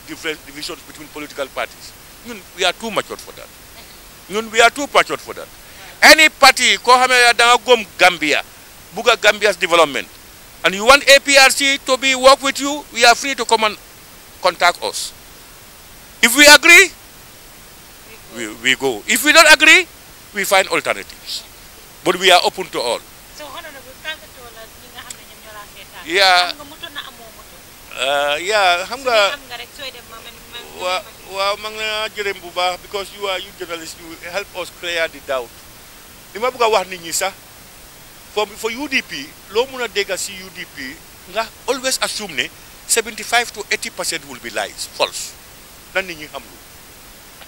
different divisions between political parties. We are too mature for that. We are too mature for that. Any party, Kohame Gambia, Buga Gambia's development, and you want APRC to be work with you, we are free to come and contact us. If we agree, we, we go. If we don't agree, we find alternatives. But we are open to all. So, yeah. Uh, eh, yeah, alhamdulillah. Well, well, Mangajirim Buba, because you are you journalist, you help us clear the doubt. Lima buka wah ninyi sa. For, for UDP, lo muna dega si UDP, nga always assume ne 75 to 80% will be lies, false. Nan ninyi hamlu.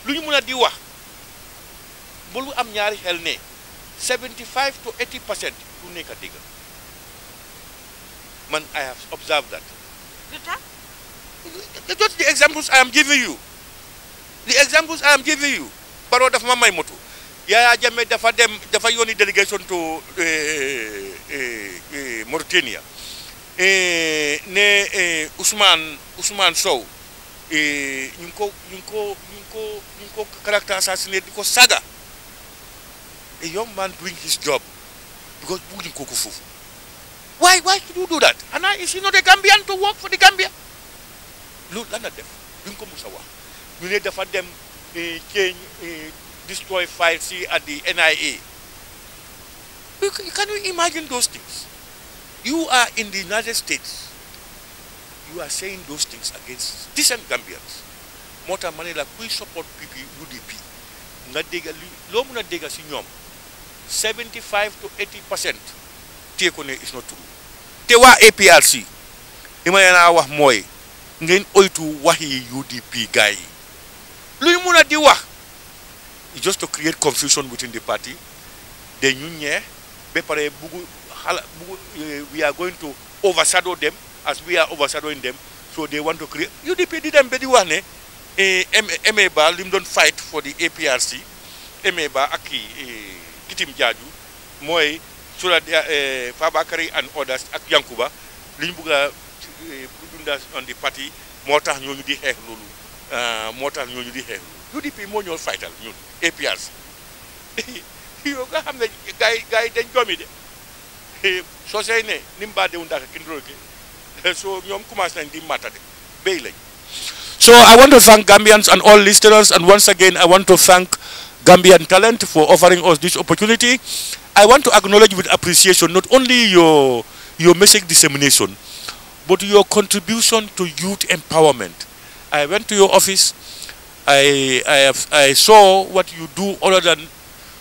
Lu ñu muna di wax bu lu am ñaari xel ne 75 to 80% du nekk dega. Man I have observed that. The tax? That's the examples I am giving you. The am giving you. Baro dafa ma may moto. Yaya Jammeh dafa dem dafa yónni delegation to eh, eh, eh, Mauritania. ne Ousmane Ousmane Sow ñu ngi ko ñu ngi ko ñu ko ñu character assassinate di ko saga a young man doing his job because bëgguñu ko ko foofu Why, why should you do that? And I, is he not a Gambian to work for the Gambia? Look, lana def, binko musawa. You need to them eh, change, eh, destroy five C at the NIA. Can you imagine those things? You are in the United States. You are saying those things against decent Gambians. Mota Manila, we support PP, UDP. dega 75 to 80 percent téye ko ne is not true te waa APRC li ma leen a wax mooy ngeen oytu wax yi UDP gars yi luñ mu a di wax just to create confusion within the party de ñu ñee ba pare bugu xala bugu eh, we are going to overshadow them as we are overshadowing them so they want to create UDP di dem ba di wax ne eh, MA Ba li mu doon fight for the APRC MA Ba ak eh, Kitim Jaaju mooy so that eh, uh, eh, Fabakary and others ak Yankuba li ñu bëgg a eh, dunda on the party moo tax ñooñu di xeex loolu ah, moo tax ñooñu di xeex loolu UDP moo ñoo faytal ñun APRC (laughs) yow nga xam ne gars yi gars yi dañ doomi de soo sey ne ni mu baadewu ndax ki ndróoke (laughs) so ñoom commencé nañ di matade béy lañ So I want to thank Gambians and all listeners, and once again, I want to thank Gambian talent for offering us this opportunity. I want to acknowledge with appreciation not only your, your message dissemination, but your contribution to youth empowerment. I went to your office. I, I, have, I saw what you do other than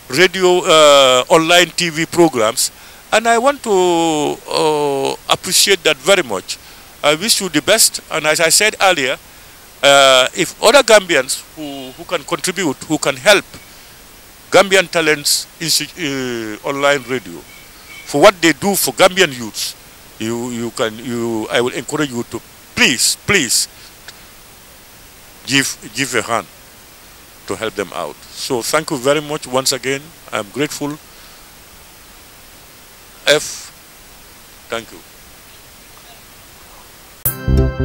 radio, uh, online TV programs. And I want to uh, appreciate that very much. I wish you the best. And as I said earlier, uh, if other Gambians who, who can contribute, who can help, Gambian Talents uh, Online Radio, for what they do for Gambian youths, you, you can, you, I will encourage you to please, please give, give a hand to help them out. So thank you very much once again. I'm grateful. F, thank you.